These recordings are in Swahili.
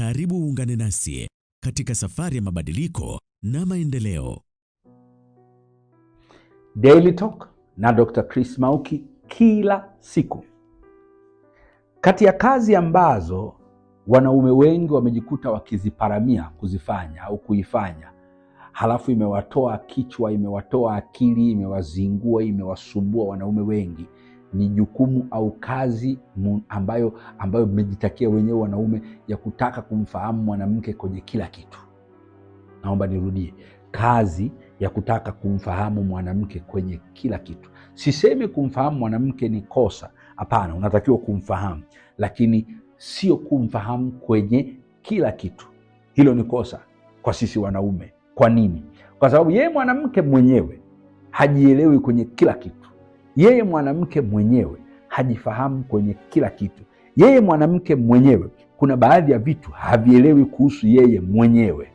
Karibu uungane nasi katika safari ya mabadiliko na maendeleo. Daily Talk na Dr. Chris Mauki kila siku. Kati ya kazi ambazo wanaume wengi wamejikuta wakiziparamia kuzifanya au kuifanya, halafu imewatoa kichwa, imewatoa akili, imewazingua, imewasumbua wanaume wengi ni jukumu au kazi ambayo ambayo mmejitakia wenyewe wanaume ya kutaka kumfahamu mwanamke kwenye kila kitu. Naomba nirudie, kazi ya kutaka kumfahamu mwanamke kwenye kila kitu. Sisemi kumfahamu mwanamke ni kosa, hapana, unatakiwa kumfahamu, lakini sio kumfahamu kwenye kila kitu. Hilo ni kosa kwa sisi wanaume. Kwa nini? Kwa sababu yeye mwanamke mwenyewe hajielewi kwenye kila kitu yeye mwanamke mwenyewe hajifahamu kwenye kila kitu. Yeye mwanamke mwenyewe kuna baadhi ya vitu havielewi kuhusu yeye mwenyewe.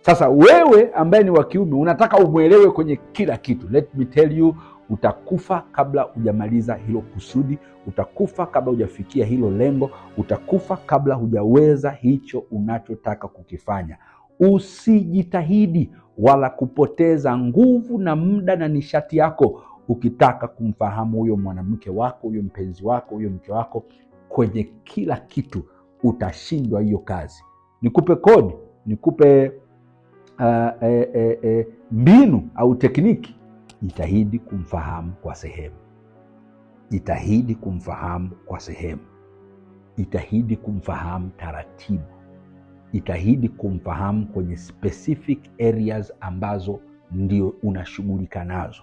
Sasa wewe ambaye ni wa kiume unataka umwelewe kwenye kila kitu. Let me tell you, utakufa kabla hujamaliza hilo kusudi, utakufa kabla hujafikia hilo lengo, utakufa kabla hujaweza hicho unachotaka kukifanya. Usijitahidi wala kupoteza nguvu na muda na nishati yako ukitaka kumfahamu huyo mwanamke wako, huyo mpenzi wako, huyo mke wako kwenye kila kitu, utashindwa hiyo kazi. Nikupe kodi, nikupe uh, e, e, e, mbinu au tekniki. Jitahidi kumfahamu kwa sehemu, jitahidi kumfahamu kwa sehemu, jitahidi kumfahamu taratibu, jitahidi kumfahamu kwenye specific areas ambazo ndio unashughulika nazo.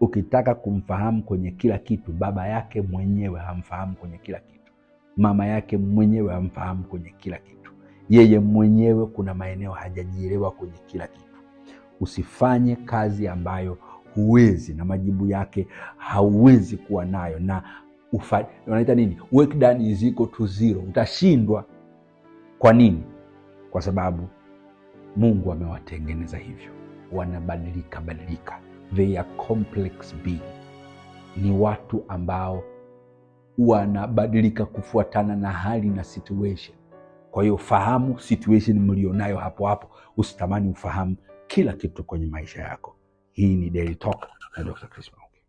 Ukitaka kumfahamu kwenye kila kitu, baba yake mwenyewe hamfahamu kwenye kila kitu, mama yake mwenyewe hamfahamu kwenye kila kitu, yeye mwenyewe kuna maeneo hajajielewa kwenye kila kitu. Usifanye kazi ambayo huwezi na majibu yake hauwezi kuwa nayo, na wanaita nini, work done is equal to zero. Utashindwa. Kwa nini? Kwa sababu Mungu amewatengeneza hivyo, wanabadilika badilika they are complex being, ni watu ambao wanabadilika kufuatana na hali na situation. Kwa hiyo fahamu situation mlionayo hapo hapo, usitamani ufahamu kila kitu kwenye maisha yako. Hii ni Daily Talk na Dr. Chris Mauki.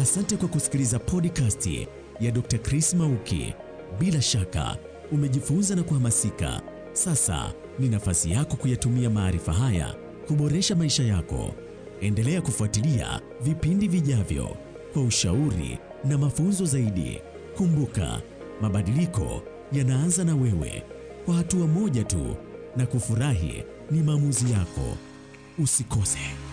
Asante kwa kusikiliza podcast ya Dr. Chris Mauki. Bila shaka umejifunza na kuhamasika. Sasa ni nafasi yako kuyatumia maarifa haya kuboresha maisha yako. Endelea kufuatilia vipindi vijavyo kwa ushauri na mafunzo zaidi. Kumbuka, mabadiliko yanaanza na wewe, kwa hatua moja tu, na kufurahi ni maamuzi yako. Usikose.